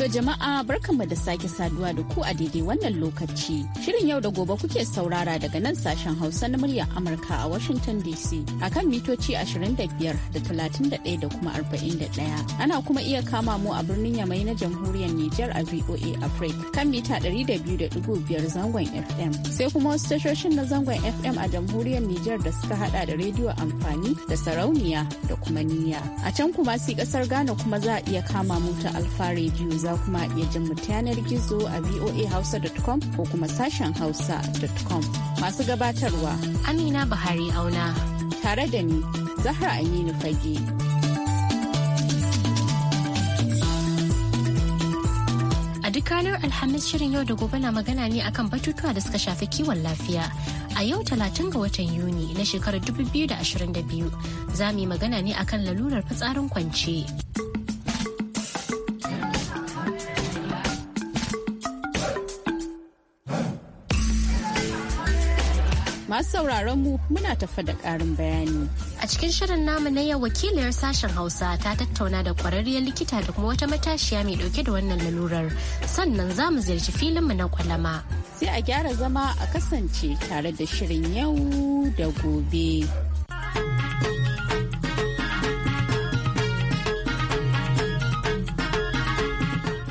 To jama'a barkanmu da sake saduwa da ku a daidai wannan lokaci. Shirin yau da gobe kuke saurara daga nan sashen Hausa na muryar Amurka a Washington DC akan mitoci 25 da 31 da kuma 41. Ana kuma iya kama mu a birnin Yamai na jamhuriyar Nijar a VOA Africa kan mita 200.5 zangon FM. Sai kuma wasu tashoshin na zangon FM a jamhuriyar Nijar da suka hada da rediyo amfani da sarauniya da kuma niyya. A can kuma si kasar Ghana kuma za a iya kama mu ta Alfa Radio za kuma iya jin mu yanar gizo a voahausa.com ko kuma sashen hausa.com. Masu gabatarwa Amina Buhari Auna. Tare da ni, Zahra Aminu Fage. A duk ranar Alhamis shirin yau da gobe na magana ne akan batutuwa da suka shafi kiwon lafiya. a yau talatin ga watan Yuni na shekarar 2022 za mu yi magana ne akan lalurar fitsarin kwance. masu sauraron mu muna tafa da ƙarin bayani. A cikin shirin namu na yau wakiliyar sashen Hausa ta tattauna da ƙwararriyar likita da kuma wata matashiya mai ɗauke da wannan lalurar. Sannan za mu ziyarci filin mu na kwalama. Sai a gyara zama a kasance tare da shirin yau da gobe.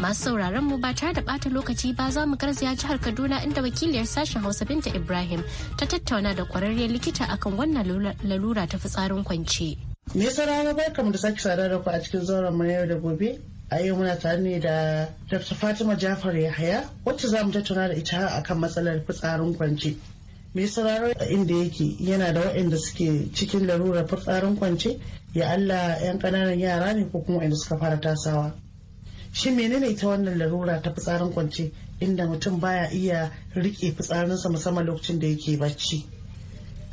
Masu sauraron mu ba tare da bata lokaci ba za mu garzaya jihar Kaduna inda wakiliyar sashen Hausa Binta Ibrahim ta tattauna da kwararriyar likita akan wannan lalura ta fitsarin kwance. Me barka mu da sake sadar da ku a cikin zauren mu yau da gobe. a yau muna tare ne da Dr. Fatima Jafar Yahaya wacce za mu tattauna da ita akan matsalar fitsarin kwance. me Mai sauraro inda yake yana da waɗanda suke cikin larurar fitsarin kwance ya Allah 'yan ƙananan yara ne ko kuma waɗanda suka fara tasawa. shi menene ita wannan larura ta fitsarin kwance inda mutum baya iya rike fitsarinsa musamman lokacin da yake bacci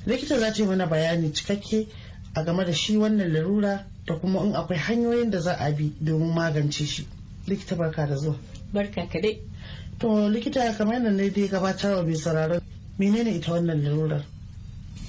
likita za ta yi mana bayani cikakke a game da shi wannan larura da kuma in akwai hanyoyin da za a bi domin magance shi likita barka da zuwa barka kadai to likita kamar yadda ne dai gabatarwa mai sauraron menene ita wannan larurar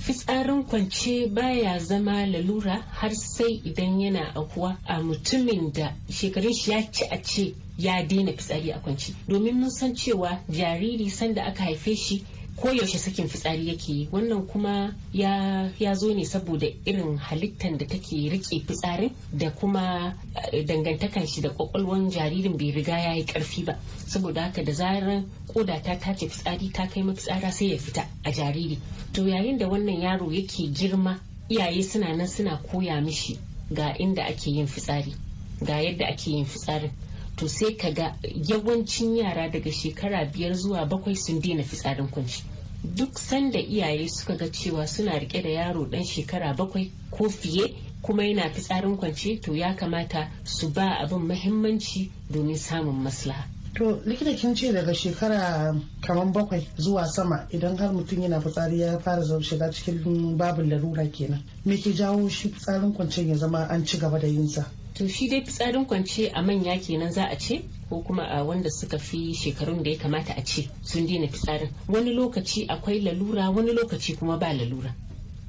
fitsarin kwance baya zama lalura har sai idan yana akuwa a mutumin da shekarun shi ya ci a ce ya daina fitsari a kwance domin mun san cewa jariri sanda aka haife shi koyaushe sakin fitsari yake yi wannan kuma ya zo ne saboda irin halittar da take rike fitsarin da kuma eh, dangantakan shi da kwakwalwan jaririn bai riga ya yi karfi ba saboda haka da zarar koda ta tace fitsari ta kai mafitsara sai ya fita a jariri to yayin da wannan yaro yake girma iyaye suna nan suna koya mishi ga inda ake yin fitsari ga yadda ake yin fitsarin to sai ka ga yawancin yara daga shekara biyar zuwa bakwai sun daina fitsarin kunci duk sanda iyaye suka ga cewa suna rike da yaro dan shekara bakwai ko fiye kuma yana fitsarin kwance to ya kamata su ba abin mahimmanci domin samun maslaha To likita kin ce daga shekara kamar bakwai zuwa sama idan har mutum yana fitsari ya fara zama shiga cikin babin larura kenan. Me ke jawo shi fitsarin kwancen ya zama an ci gaba da yinsa? to shi dai fitsarin kwance a manya kenan za a ce ko kuma a wanda suka fi shekarun da ya kamata a ce sun daina fitsarin wani lokaci akwai lalura wani lokaci kuma ba lalura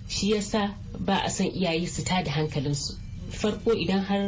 shi yasa ba a san iyaye su ta da hankalinsu farko idan har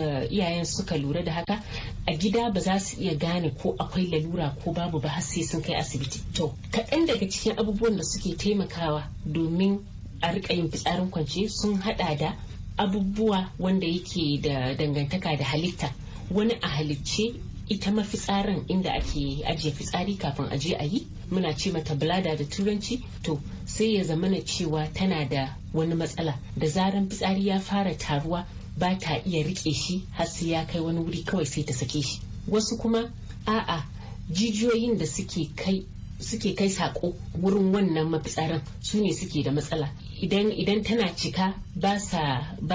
eh, iyayen suka lura da haka a gida ba za su iya gane ko akwai lalura ko babu ba har sai sun kai asibiti to kaɗan daga cikin abubuwan da suke taimakawa domin a rika yin fitsarin kwance sun haɗa da abubuwa wanda yake da dangantaka da halitta wani a halicce ita mafitsarin inda ake ajiye fitsari kafin aje a yi muna ce mata blada da turanci to sai ya zamana cewa tana da wani matsala da zaran fitsari ya fara taruwa ba ta iya rike shi har sai ya kai wani wuri kawai sai ta sake shi wasu kuma a'a jijiyoyin da suke kai suke kai sako wurin wannan mafitsarin su ne suke da matsala idan idan tana cika ba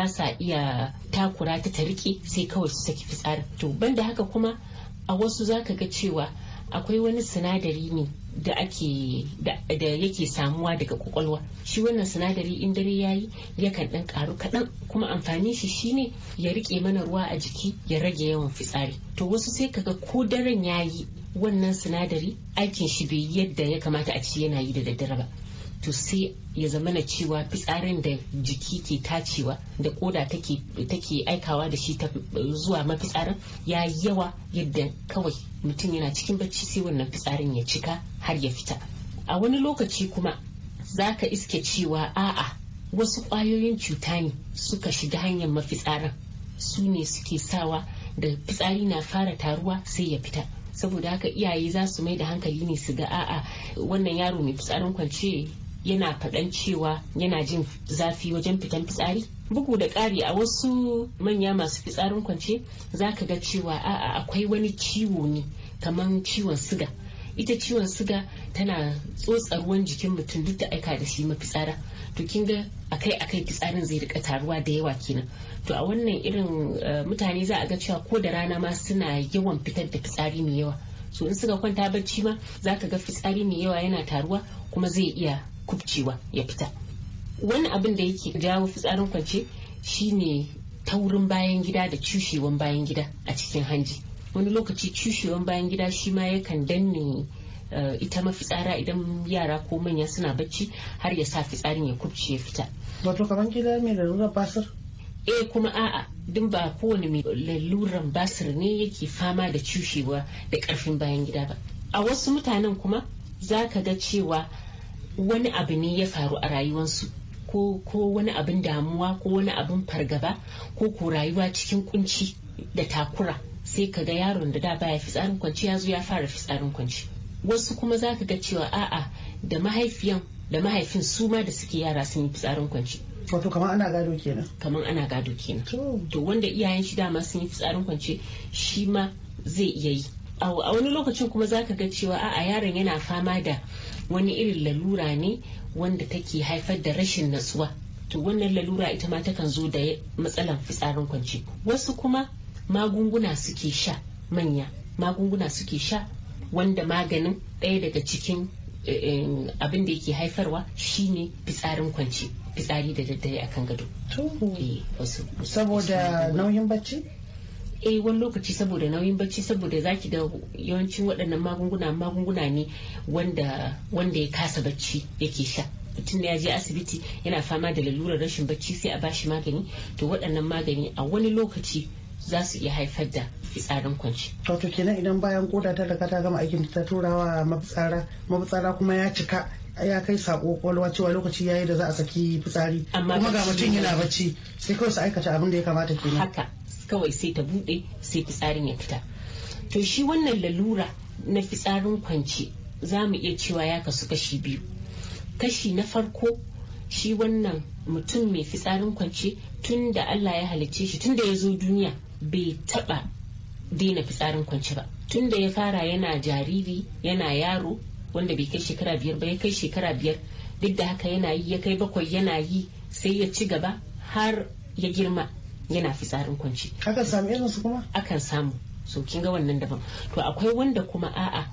sa iya takura ta ta riƙe sai kawai su saki fitsari to banda haka kuma a wasu zaka ga cewa akwai wani sinadari ne da ake da yake samuwa daga kwakwalwa shi wannan sinadari in dare ya yayi yakan dan karu kaɗan kuma amfani shi shine ya rike mana ruwa a jiki ya rage yawan fitsari to wasu sai kaga ko daren ya yi wannan sinadari aikin shi bai yadda ya kamata a ci yana yi da daddare ba to sai ya zama na cewa fitsarin da jiki ke tacewa da koda take aikawa da shi zuwa mafitsarin ya yawa yadda kawai mutum yana cikin bacci sai wannan fitsarin ya cika har ya fita a wani lokaci kuma za ka iske cewa a'a wasu ƙwayoyin cuta ne suka shiga hanyar mafitsarin su ne suke sawa da fitsari na fara taruwa sai ya fita saboda haka iyaye za su mai da hankali ne su ga a'a wannan yaro mai fitsarin kwance yana faɗan cewa yana jin zafi wajen fitan fitsari bugu da ƙari a wasu manya masu fitsarin kwance za ka ga cewa a'a akwai wani ciwo ne kamar ciwon siga ita ciwon siga tana tsotsa ruwan jikin mutum duk ta aika da shi mafitsara to kin ga akai akai fitsarin zai rika taruwa da yawa kenan to a wannan irin eh, mutane za a ga cewa ko da rana ma suna yawan fitar da fitsari mai yawa so in suka kwanta bacci ma za ka ga fitsari mai yawa yana taruwa kuma zai iya kubcewa ya fita wani abin da yake jawo fitsarin kwance shine taurin bayan gida da cushewan bayan gida a cikin hanji wani lokaci cushewan bayan gida shi ma yakan danne eh, ita mafitsara idan yara ko manya suna bacci har ya sa fitsarin ya kubce ya fita wato kamar gida mai lalurar basir eh kuma a'a duk ba kowane mai lalurar basir ne yake fama da cushewa da karfin bayan gida ba a wasu mutanen kuma za ka ga cewa wani abu ne ya faru a rayuwarsu ko wani abin damuwa ko wani abin fargaba ko ko rayuwa cikin kunci da takura sai ka ga yaron da da baya fitsarin kwanci ya zo ya fara fitsarin kwanci wasu kuma za ka ga cewa a'a da mahaifiyan da mahaifin su ma da suke yara sun yi fitsarin kwanci wato kamar ana gado kenan kamar ana gado kenan to wanda iyayen shi dama sun yi fitsarin kwance shi ma zai iya yi a wani lokacin kuma zaka ga cewa a'a yaron yana fama da wani irin lalura ne wanda take haifar da rashin natsuwa to wannan lalura ita ma takan zo da matsalan fitsarin kwance wasu kuma magunguna suke sha manya magunguna suke sha wanda maganin ɗaya daga cikin eh, eh, abin da yake haifarwa shine fitsarin kwance fitsari da daddare akan gado eh, saboda nauyin bacci eh wani lokaci saboda nauyin bacci saboda zaki ga yawancin waɗannan magunguna magunguna ne wanda wanda ya kasa bacci yake sha mutum ya je asibiti yana fama da lalurar rashin bacci sai a bashi magani to waɗannan magani a wani lokaci za su iya haifar da fitsarin kwanci. Wato kenan idan bayan koda ta daga ta gama aikin ta turawa mafitsara mafitsara kuma ya cika ya kai sako kwalwa cewa lokaci yayi da za a saki fitsari kuma ga mutum yana bacci sai kawai su aikata abin da ya kamata kenan. Haka kawai sai ta buɗe sai fitsarin ya fita to shi wannan lalura na fitsarin kwance za mu iya cewa ya kasu kashi biyu kashi na farko shi wannan mutum mai fitsarin kwance tun da allah ya halicce shi tun da ya zo duniya bai taɓa daina fitsarin kwance ba tun da ya fara yana jariri yana yaro wanda bai kai shekara biyar ba ya kai shekara biyar duk da haka yana yi ya kai bakwai yana yi sai ya ci gaba har ya girma yana fitsarin kwanci akan samu irin su kuma akan samu so kin ga wannan daban to akwai wanda kuma a'a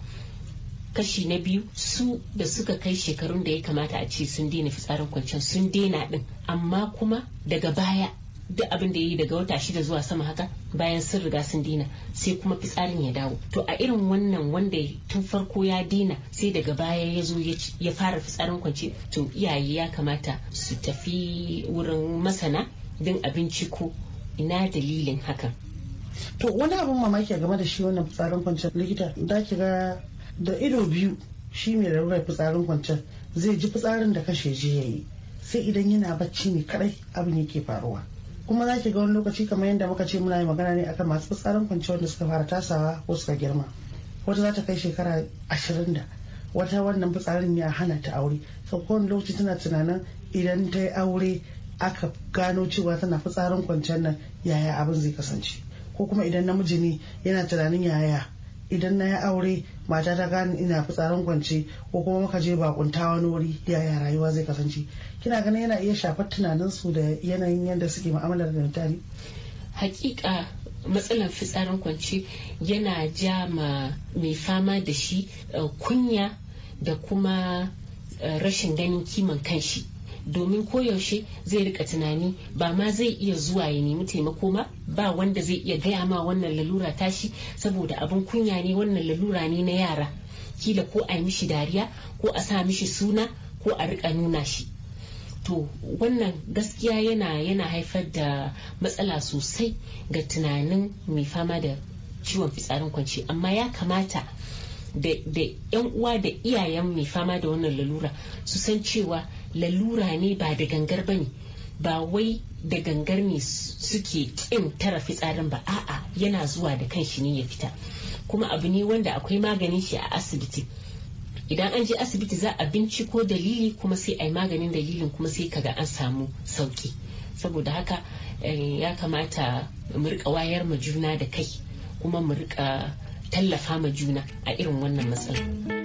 kashi na biyu su da suka kai shekarun da ya kamata a ce sun daina fitsarin kwanciyar sun daina din amma kuma daga baya duk abin da ya yi daga wata shida zuwa sama haka bayan sun riga sun dina sai kuma fitsarin ya dawo to a irin wannan wanda tun farko ya dina sai daga baya ya zo ya fara fitsarin kwance to iyaye ya kamata su tafi wurin masana din abinci ko. ina dalilin hakan to wani abin mamaki game da shi wannan fitsarin kwanciyar likita da ga da ido biyu shi mai larurar fitsarin kwanciyar zai ji fitsarin da kashe je ya yi sai idan yana bacci ne kadai abin yake faruwa kuma za ki ga wani lokaci kamar yadda muka ce muna yi magana ne akan masu fitsarin kwanciyar wanda suka fara tasawa ko suka girma wata za ta kai shekara ashirin da wata wannan fitsarin ya hana ta aure sau kowane lokaci tana tunanin idan ta yi aure aka gano cewa tana fitsarin kwanciyar nan yaya abin zai kasance ko kuma idan namiji ne yana tunanin yaya idan na yi aure mata ta gano ina fitsarin kwance ko kuma muka je bakunta wani wuri yaya rayuwa zai kasance kina ganin yana iya shafar tunanin su da yanayin yadda suke ma'amalar da mutane hakika matsalar fitsarin kwance yana ja ma mai fama da shi eh, kunya da kuma eh, rashin ganin kiman kan shi. domin koyaushe zai rika tunani ba ma zai iya zuwa ya nemi taimako ma ba wanda zai iya gaya ma wannan lalura tashi saboda abin kunya ne wannan lalura ne na yara kila ko a yi mishi dariya ko a sa mishi suna ko a rika nuna shi to wannan gaskiya yana yana haifar da matsala sosai ga tunanin mai fama da ciwon fitsarin kwanci amma ya kamata da yan uwa da iyayen mai fama da wannan lalura su san cewa lalura ne ba da gangar ba ne ba wai da gangar ne suke kin tara fitsarin ba a'a yana zuwa da kanshi ne ya fita kuma abu ne wanda akwai maganin shi a asibiti idan an je asibiti za a binciko dalili kuma sai a yi maganin dalilin kuma sai kaga an samu sauki saboda haka eh, ya kamata mu rika wayar ma juna da kai kuma mu rika tallafa ma juna a irin wannan matsalar.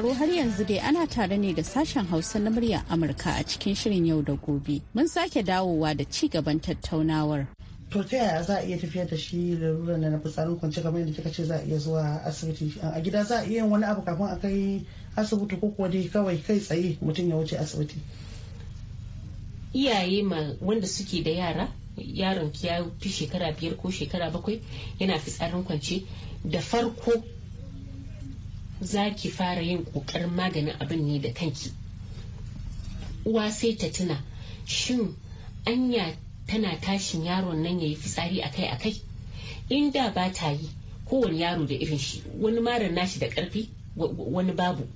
sauraro har yanzu dai ana tare ne da sashen Hausa na muryar Amurka a cikin shirin yau da gobe. Mun sake dawowa da ci gaban tattaunawar. To ta yaya za a iya tafiyar da shi da na fitsarin kwance kamar yadda kika ce za a iya zuwa asibiti. A gida za a iya yin wani abu kafin a kai asibiti ko kuwa dai kawai kai tsaye mutum ya wuce asibiti. Iyaye ma wanda suke da yara yaron ya fi shekara biyar ko shekara bakwai yana fitsarin kwance da farko za ki fara yin ƙoƙarin maganin abin ne da kanki uwa sai ta tuna shin anya tana tashin yaron nan ya yi fitsari akai-akai in da ba ta yi kowane yaro da irin shi wani marar nashi da karfi wani babu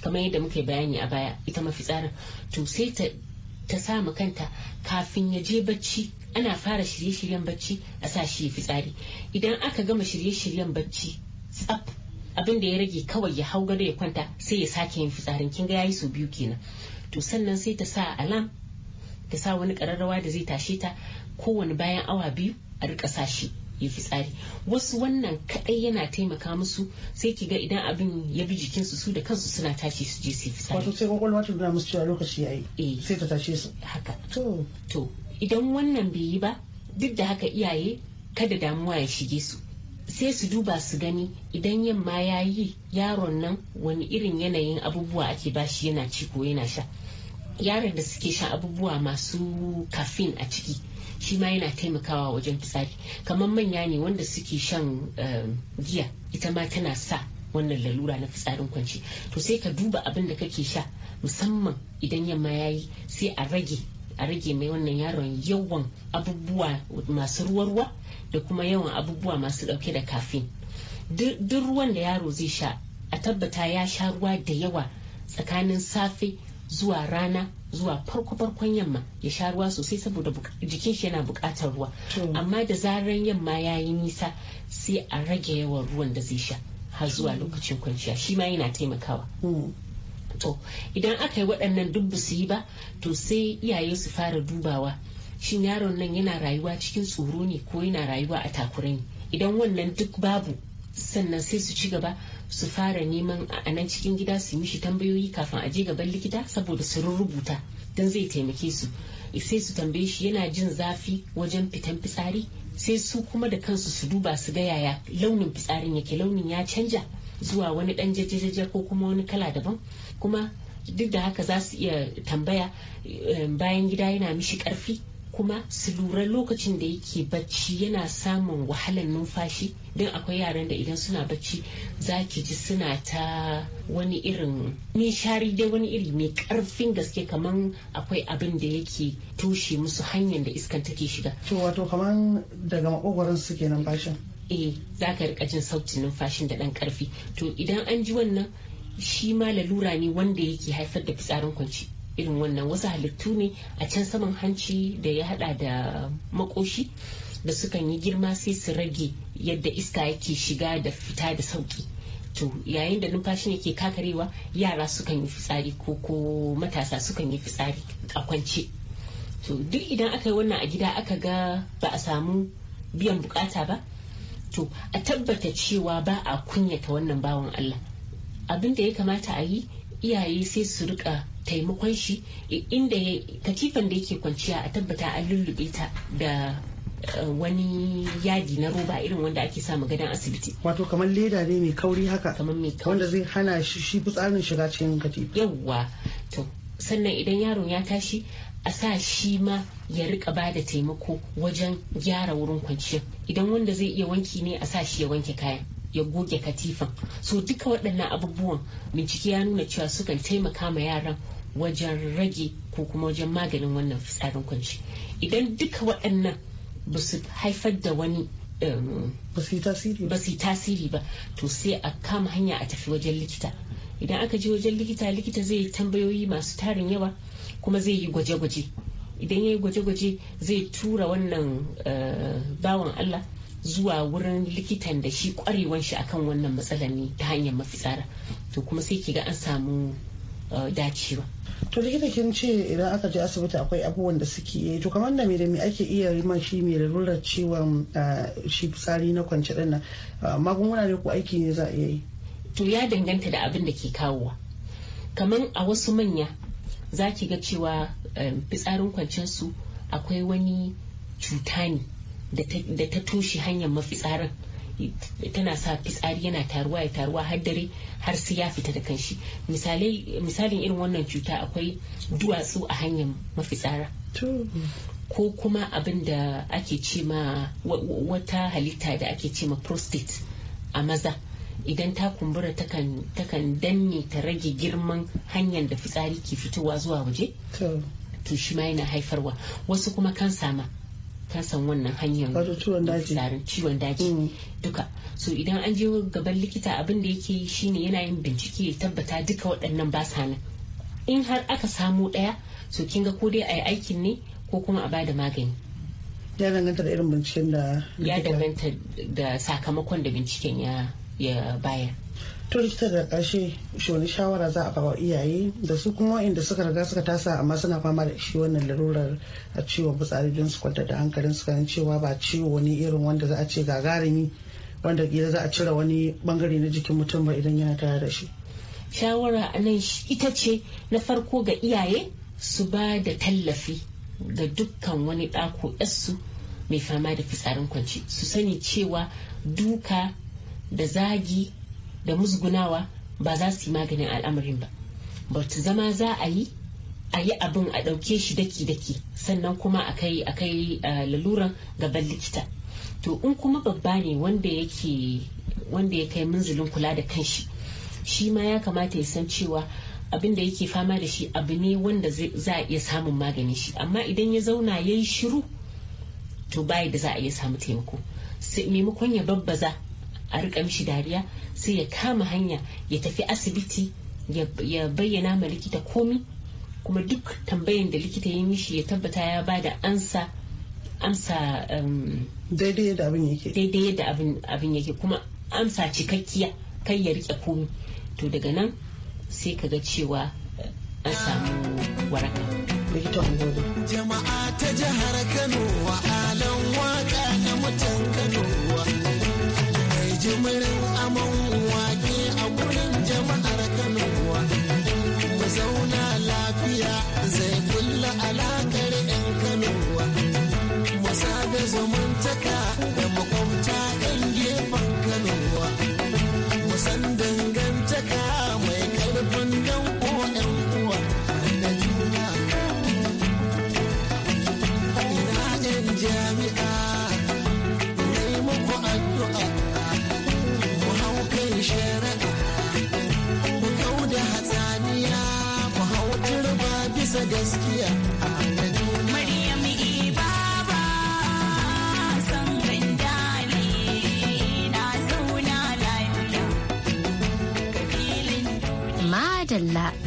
kamar yadda muka bayani a baya ita mafitsarin to sai ta ta samu kanta kafin ya je bacci ana fara shirye-shiryen bacci a sa shi ya fitsari idan aka gama shirye-shiryen bacci tsaf abin da ya rage kawai ya hau gado ya kwanta sai ya sake yin fitsarin kin ga yayi su biyu kenan to sannan sai ta sa alam ta sa wani kararrawa da zai tashe ta kowane bayan awa biyu a rika sa shi ya fitsari wasu wannan kadai yana taimaka musu sai ki ga idan abin ya bi jikinsu su da kansu suna tashi su je su fitsari wato sai kwakwalwa ta nuna musu cewa lokaci yayi eh. sai ta tashe su haka to to idan wannan bai yi ba duk da haka iyaye kada damuwa ya shige su sai su duba su gani idan yamma ya yi yaron nan wani irin yanayin abubuwa ake ba shi yana ci ko yana sha yaron da suke sha abubuwa masu caffeine a ciki shi ma yana taimakawa wajen fitsari kamar manya ne wanda suke shan eh, giya ita ma tana sa wannan lalura na fitsarin kwanci to sai ka duba abin da kake sha musamman idan yamma ya yi sai a rage a rage mai wannan yaron yawan abubuwa masu ruwa-ruwa da kuma yawan abubuwa masu dauke da kafin duk ruwan da yaro zai sha a tabbata ya sha ruwa da yawa tsakanin safe zuwa rana zuwa farko-farkon yamma ya sha ruwa sosai saboda jikin shi yana buƙatar ruwa amma da zarar yamma ya yi nisa sai a rage yawan ruwan da zai sha har zuwa lokacin kwanciya shi ma yana taimakawa hmm. to idan aka yi waɗannan duk su yi ba to sai iyaye su fara dubawa shin yaron nan yana rayuwa cikin tsoro ne ko yana rayuwa a takurai ne idan wannan duk babu sannan sai su ci gaba su fara neman a nan cikin gida su mishi tambayoyi kafin a je gaban likita saboda su rubuta don zai taimake su sai su tambaye shi yana jin zafi wajen fitan fitsari sai su kuma da kansu su duba su ga yaya launin fitsarin yake launin ya canja zuwa wani dan jajajaja ko kuma wani kala daban kuma duk da haka za su iya tambaya eh, bayan gida yana mishi karfi kuma su lura lokacin da yake bacci yana samun wahalar numfashi don akwai yaran da idan suna bacci za ki ji suna ta wani irin nishari dai wani iri mai karfin gaske kaman akwai abin da yake toshe musu hanyar da iskan take shiga. to wato kamar daga makogwaron suke nan bashin. eh za ka rika jin sautin numfashin da dan karfi to idan an ji wannan shi ma lalura ne wanda yake haifar da fitsarin kwanci irin wannan wasu halittu ne a can saman hanci da ya hada da makoshi da sukan yi girma sai su rage yadda iska yake shiga da fita da sauki to yayin da numfashin yake kakarewa yara sukan yi fitsari ko ko matasa sukan yi fitsari a kwance to duk idan aka yi wannan a gida aka ga ba a samu biyan bukata ba to a tabbata cewa ba a kunyata wannan bawan Allah abin da ya kamata a yi iyaye sai su rika taimakon shi inda katifan da yake kwanciya a tabbata a lullube ta da eh, wani yadi na roba irin wanda ake samu gadon asibiti wato kamar leda ne mai kauri haka kamar mai kauri wanda zai hana shi fitsarin shiga cikin katifa yawwa to sannan idan yaron ya tashi a sa shi ma ya rika ba da taimako wajen gyara wurin kwanciya idan wanda zai iya wanki ne a sa shi ya wanke kayan ya goge katifan so duka waɗannan abubuwan bincike ya nuna cewa sukan taimaka ma yaran wajen rage ko kuma wajen maganin wannan fitsarin kwanci idan duka waɗannan ba su haifar da wani um, ba su yi tasiri ba to sai a kama hanya a tafi wajen likita idan aka je wajen likita likita zai yi tambayoyi masu tarin yawa kuma zai yi gwaje-gwaje idan ya yi gwaje-gwaje zai tura wannan uh, bawan allah zuwa wurin likitan da shi kwarewan shi akan wannan matsalar ne ta hanyar mafitsara to kuma sai ki ga an samu Eh, dacewa to likita kin ce idan aka je asibiti akwai abubuwan da suke yi to kamar da me da me ake iya yi ma shi mai lalurar ciwon eh, shi fitsari na kwance din nan eh, magunguna ne ko aiki ne za a iya yi to ya danganta da abin da ke kawowa kamar a wasu manya za ki ga cewa fitsarin kwancen su akwai wani cuta ne da ta toshe hanyar mafitsarin tana sa fitsari yana taruwa ya taruwa har dare har sai ya fita da kanshi misalin irin wannan cuta akwai duwatsu a hanyar mafitsara ko kuma abin da ake ce ma wata halitta da ake ce ma prostate a maza idan ta kumbura takan danne ta rage girman hanyar da fitsari ke fitowa zuwa waje to shi ma yana haifarwa wasu kuma kan sama ta san wannan hanyar tsarin ciwon daji mm. duka so idan an je gaban likita abin da yake shine yana yin bincike ya tabbata duka waɗannan ba sa nan in har aka samu ɗaya so kin ga ko dai a yi aikin ne ko kuma a bada magani ya danganta da irin binciken da ya danganta da sakamakon da binciken ya bayar to likita da ƙarshe wani shawara za a bawa iyaye da su kuma inda suka riga suka tasa amma suna fama da shi wannan larurar a ciwon fitsari don su kwanta da hankalin su kan cewa ba ciwo ne irin wanda za a ce gagarumi wanda kila za a cire wani bangare na jikin mutum ba idan yana tare da shi shawara a nan ita ce na farko ga iyaye su ba da tallafi ga dukkan wani ɗako ƴarsu mai fama da fitsarin kwanci su sani cewa duka da zagi da musgunawa ba za su yi maganin al'amarin ba bata zama za a yi a yi abin a ɗauke shi daki-daki sannan kuma a kai a laluran gaban likita to in kuma babba ne wanda yake ya kai munzulin kula da kanshi shi ma ya kamata ya san cewa abin da yake fama da shi abu ne wanda za a iya samun maganin shi amma idan ya zauna ya yi shiru to bayi da za a iya samu taimako sai maimakon ya babbaza a rika mishi dariya sai ya kama hanya ya tafi asibiti ya bayyana ma likita komi kuma duk tambayan da likita ya mishi ya tabbata ya bada ansa amsa um, daidai yadda abin yake kuma amsa cikakkiya kai ya rike komi to daga nan sai ka ga cewa eh, an samu waraka jama'a ta jihar kano wa alan waka na mutan kano You jimirin amon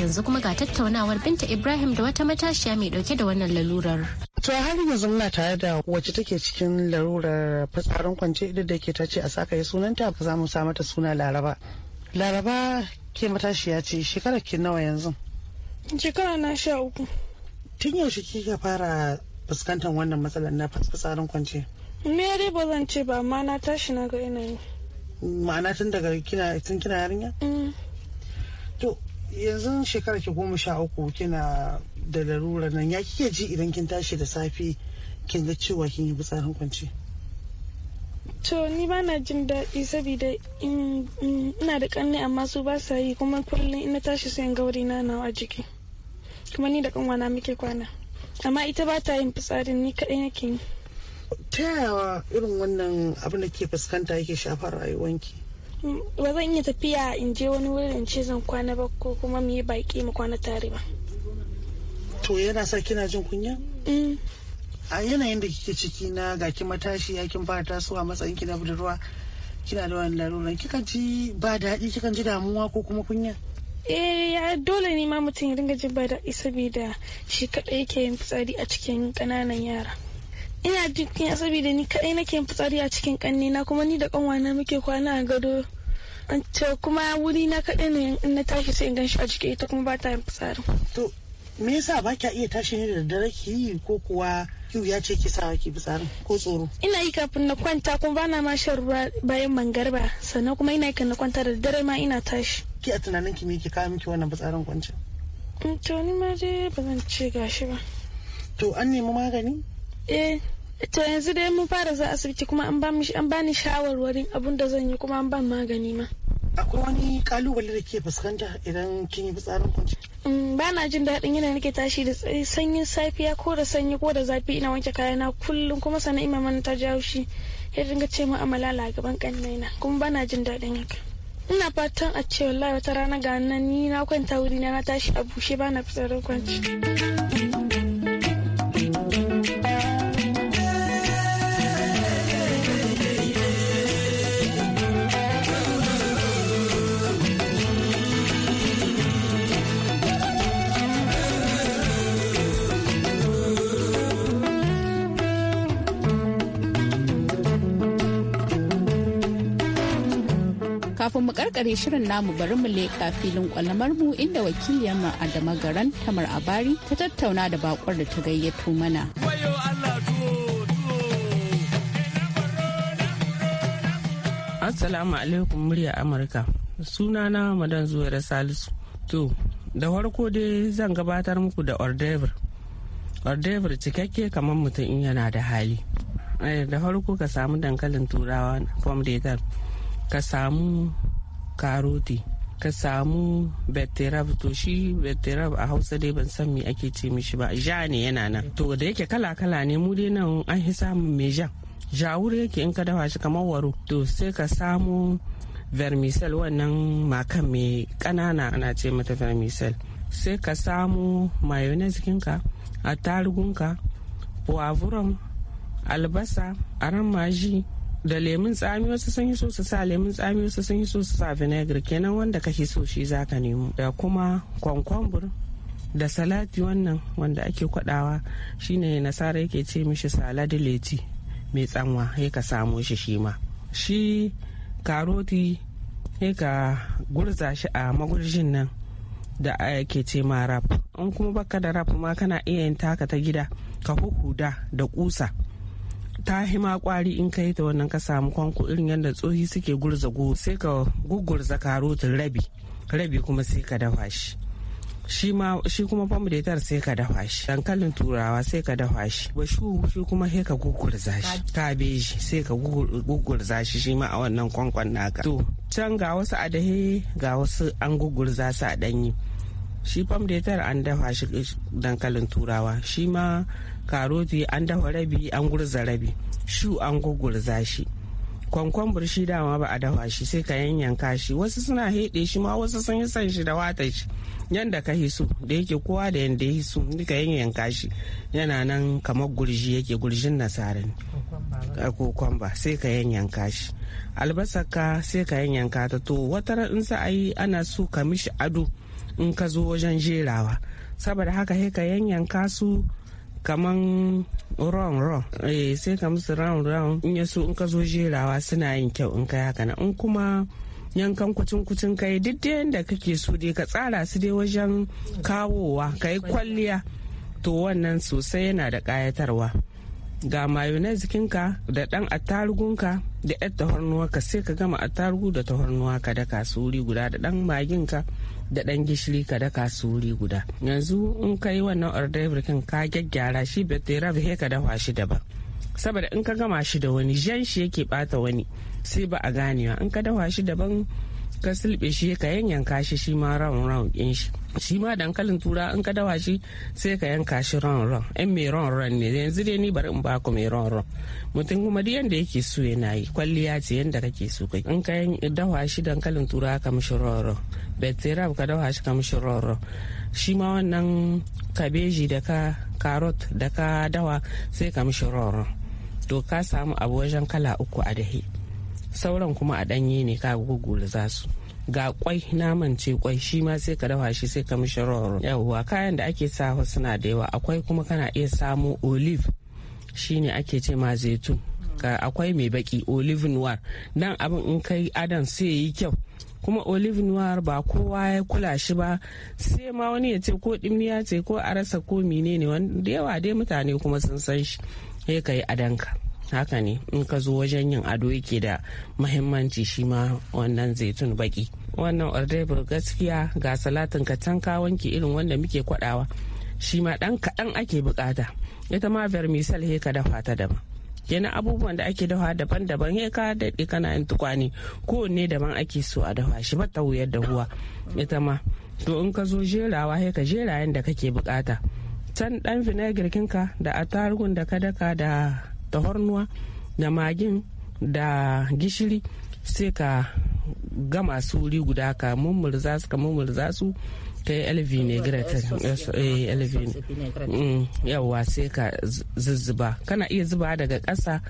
yanzu kuma ga tattaunawar binta ibrahim da wata matashiya mai dauke da wannan lalurar to har yanzu muna tare da wacce take cikin larurar fitsarin kwance idan da ke ta ce a saka ya sunanta ba za mu sa mata suna laraba laraba ke matashiya ce shekarar ki nawa yanzu shekara na sha uku tun yaushe kika fara fuskantar wannan matsalar na fitsarin kwance me dai ba zan ce ba amma na tashi na ga yanayi ma'ana tun daga kina tun kina yarinya mm. to yanzu shekara ke goma sha uku kina da larura nan ya kike ji idan kin tashi da safe kin ga cewa kin yi fitsarin kwanci to ni ba na jin daɗi saboda ina da ƙanne amma su ba sa yi kuma kullum ina tashi sai in gauri na nawa a jiki kuma ni da ƙanwana muke kwana amma ita ba ta yin fitsarin ni kaɗai nake yi ta yawa irin wannan abin da ke fuskanta yake shafar rayuwanki ba zan iya tafiya in je wani wurin ce zan kwana ba ko kuma mu yi baki mu kwana tare ba to yana sa kina jin kunya mm. a yanayin da kike ciki na ga ki matashi ya kin fara tasowa matsayin ki na budurwa kina da wannan laruran kika ji ba daɗi kika ji damuwa ko kuma kunya eh ya dole ne ma mutum ya dinga jin ba daɗi saboda shi kaɗai yake yin fitsari a cikin ƙananan yara ina jikin kunya saboda ni kaɗai nake fitsari a cikin na kuma ni da ƙanwana muke kwana a gado ce kuma wuri na kaɗai ne in na tashi sai in ganshi a jiki ita kuma ba ta yin fitsari. to me yasa ba kya iya tashi ne da daddare ki yi ko kuwa kiwu ya ce ki sa ki fitsarin ko tsoro. ina yi kafin na kwanta kuma na ma shan ruwa bayan mangarba sannan kuma ina yi kan na kwanta da daddare ma ina tashi. ki a tunanin ki me ki kawo miki wannan fitsarin kwancin. Mm, to ni ma dai ba zan ce gashi ba. to an nemi magani? Eh, to yanzu dai mun fara za asibiti kuma an bani shawarwarin abun da zan yi kuma an ban magani ma akwai wani kalubale da ke fuskanta idan kin yi fitsarin kwanci mm, ba na jin daɗin yana nake tashi da sanyin safiya ko da sanyi ko da zafi ina wanke kayana kullum kuma ina mana ta jawo shi ya dinga ce mu amala a gaban kannaina kuma ba na jin daɗin haka ina fatan a ce wallahi wata rana ga nan ni na kwanta wuri na tashi a bushe ba na fitsarin kwanci karkare shirin namu bari mu leƙa filin kwalamar mu inda wakiliyar mu dama Garan Tamar Abari ta tattauna da bakwar da ta gayyato mana. Assalamu alaikum murya Amurka. Sunana Madan da Salisu. To, da farko dai zan gabatar muku da ordever. Ordever cikakke kamar mutum in yana da hali. Eh, da farko ka samu dankalin turawa fomdetar ka samu karoti ka samu betterab to shi betterab a hausa dai ban san me ake ce mishi ba ja ne yana nan to da yake kala kala ne mu dai nan an fi samun mai ja jawur yake in ka dafa shi kamar waro to sai ka samu vermicell wannan makan mai kanana ana ce mata vermicell sai ka samu mayonnaise kinka attarugunka poivron albasa aran maji da lemun tsami wasu sun yi so su sa lemun tsami wasu sun yi so su sa vinegar kenan wanda kake so shi zaka nemo da kuma kwankwambur da salati wannan wanda ake kwadawa shine nasara yake ce mishi saladi leti mai tsanwa ya ka samo shi shi ma shi karoti ya ka gurza shi a magurjin nan da ake ce ma rap in kuma baka da rap ma kana iya yin taka ta gida ka huhuda da kusa ta hima kwari in ka yi ta wannan ka samu kwanko irin yadda tsohi suke gurza go sai ka gugurza karotin rabi rabi kuma sai ka dafa shi shi ma shi kuma famuletar sai ka dafa shi dankalin turawa sai ka dafa shi ba shi kuma sai ka gugurza shi kabeji sai ka gugurza shi shi ma a wannan kwankwan naka to can ga wasu a dahe ga wasu an gugurza su a danyi shi famuletar an dafa shi dankalin turawa shi ma karoti an dafa rabi an gurza rabi shu an gugurza shi kwankwan burshi dama ba a dafa shi sai ka yanyanka shi wasu suna heɗe shi ma wasu sun yi san shi da wata shi yanda ka hisu da yake kowa da yanda ya hisu ka yanyanka shi yana nan kamar gurji yake gurjin nasarin ne kokon ba sai ka yanyanka shi albasar ka sai ka yanyanka ta to wata in sa ayi ana so ka mishi ado in ka zo wajen jerawa saboda haka sai ka yanyanka su kaman round round eh sai ka musu round round in ya so in ka zo jerawa suna yin kyau in kai haka na in kuma yankan kucin kucin kai duk da kake so dai ka tsara su dai wajen kawowa kayi kwalliya to wannan sosai yana da kayatarwa ga mayonnaise kinka da ɗan ka da 'yar ka sai ka gama attarugu da tahornuwa ka daka su guda da ɗan maginka da ɗan gishiri ka daka su guda yanzu in ka yi wannan ordebir kin ka gyaggyara shi betterave he ka dafa shi daban saboda in ka gama shi da wani jan shi yake bata wani sai ba a ganewa in ka dafa shi daban ka silbe shi ka yanyanka shi shi ma round round din shi shi ma dankalin tura in ka dawa shi sai ka yanka shi round round in me round round ne yanzu dai ni bari in ba ku me round round mutum kuma duk yanda yake so yana yi kwalliya ce yanda kake so kai in ka dawa shi dankalin tura ka mishi round round betterab ka dawa shi ka mishi round round shi ma wannan kabeji da ka carrot da ka dawa sai ka mishi round round to ka samu abu wajen kala uku a dahi sauran kuma a ɗanye ne ka gugula za su ga kwai naman ce kwai shi ma sai ka dafa shi sai ka mishi roro yawwa kayan da ake sawa suna da yawa akwai kuma kana iya samo olive shine ake ce ma zaitun akwai mai baki olive noir nan abin in kai adam sai yi kyau kuma olive noir ba kowa ya kula shi ba sai ma wani ya ce ko dimniya ce ko a rasa ko menene wanda yawa dai mutane kuma sun san shi sai ka yi adanka haka ne in ka zo wajen yin ado yake da mahimmanci shi ma wannan zaitun baki wannan ordebur gaskiya ga salatin ka wanke irin wanda muke kwadawa shi ma dan kaɗan ake bukata ita ma vermicell he ka dafa ta daban yana abubuwan da ake dafa daban-daban he ka daɗe kana yin tukwane kowanne daban ake so a dafa shi ba ta wuyar dahuwa ita ma to in ka zo jerawa he ka jera yadda kake bukata can dan vinegar kinka da attarugun da ka daka da hornuwa da magin da gishiri sai ka gama su wuri guda ka mummurza su ka mummurza su ka yi elvi ne yawwa sai ka zuzzuba kana iya zuba daga kasa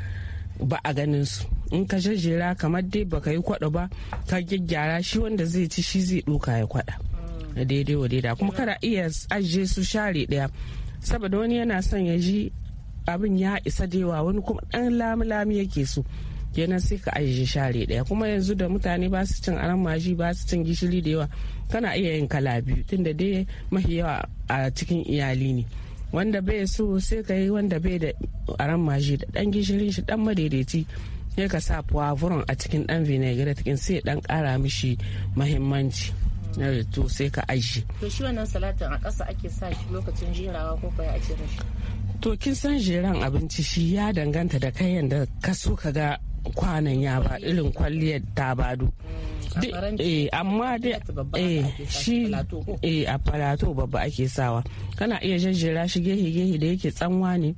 ba a ganin su in ka jajjera kamar dai baka yi kwaɗo ba ka gyaggyara shi wanda zai ci shi zai ɗuka ya kwaɗa daidai wa daidai kuma kana iya ajiye su share ɗaya saboda wani yana son ya ji abin ya isa da yawa wani kuma dan lamulami yake so kenan sai ka ajiye share daya kuma yanzu da mutane ba su cin aran maji ba su cin gishiri da yawa kana iya yin kala biyu tunda dai mafi yawa a cikin iyali ne wanda bai so sai ka yi wanda bai da aran maji da dan gishirin shi dan madaidaici sai ka sa puwavuron a cikin dan vinaigrette kin sai dan kara mishi mahimmanci na to sai ka ajiye to shi wannan salatin a ƙasa ake sa shi lokacin jerawa ko kai a cire to kin san jiran abinci shi ya danganta da kayan da ka so ka ga kwanan ya ba irin kwalliyar ta bado eh, amma dai eh, shi eh, a falato babba ake sawa kana iya jejjera shi gehe-gehe da yake tsanwa ne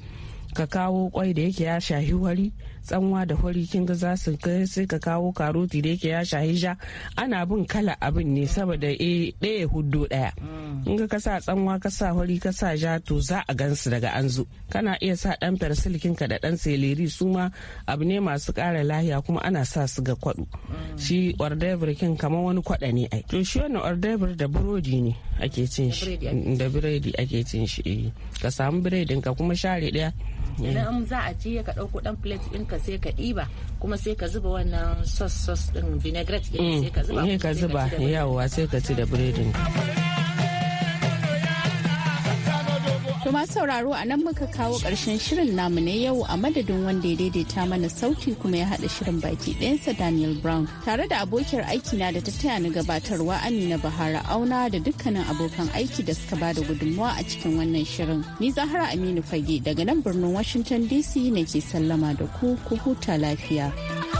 ka kawo kwai da yake ya shahi wari tsanwa da hori kin ga zasu sai ka kawo karoti da yake ya shahi sha ana bin kala abin ne saboda e ɗaya huddo ɗaya mm. in ka sa tsanwa ka sa hori ka sa ja to za a gansu daga an zo kana iya sa ɗan persilkin ka da ɗan seleri su ma abu ne masu ƙara lahiya kuma ana sa su ga kwaɗo mm. shi ordever kin kamar wani kwaɗa ne ai to shi wannan ordever da burodi ne ake cin shi da biredi ake cin shi eh. ka samu biredin ka kuma share daya. kenan in za a ci ka ɗauko ɗan plate ɗin ka sai ka ɗiba kuma sai ka zuba wannan sauce sauce ɗin vinaigrette mm. sai ka zuba sai eh, sai ka ci da biredin kuma sauraro a nan muka kawo ƙarshen shirin namu ne yau a madadin wanda ya daidaita mana sauti kuma ya haɗa shirin baki ɗayansa Daniel Brown tare da abokiyar aiki na da ta taya ni gabatarwa Amina Bahara Auna da dukkanin abokan aiki da suka ba da gudunmawa a cikin wannan shirin. Ni Zahara Aminu Fage daga nan birnin Washington DC ne ke sallama da ku ku huta lafiya.